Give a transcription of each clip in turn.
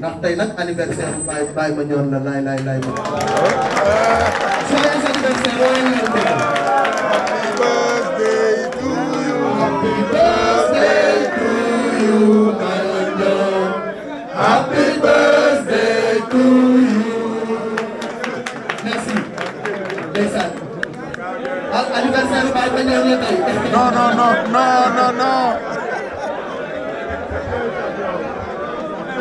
ndax tey nag anniversaire bi bàyyi bàyyi ma ñoon la laay laay laay ma su leen anniversaire waaye leen tegal happy birthday to you happy birthday to you Mandione happy birthday to you merci ndeysaan anniversaire bàyyi ma ñoon la tey non non non non non non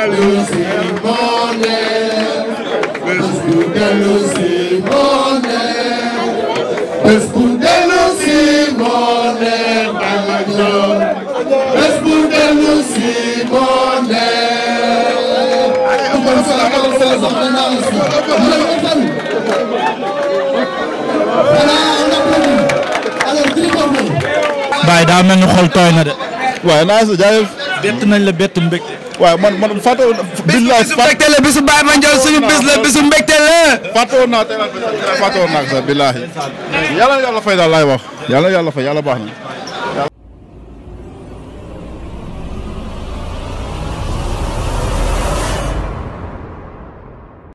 dellu si monde bés bu dellu si monde bés bu dellu si monde dama jox bés bu dellu si monde Baye daa mel ni xol tooy na de waaye naa si jaajëf bett nañ la bett mbégte. waaw man man fàtte woon. billaay bisu mbégte la bisu Baye Mandione suñu bis la bisu mbégte la. fàtte woon naa tey fàtte woon naa ko sax billaay. yàlla daal laay wax. yàlla yàlla fay yàlla baax na.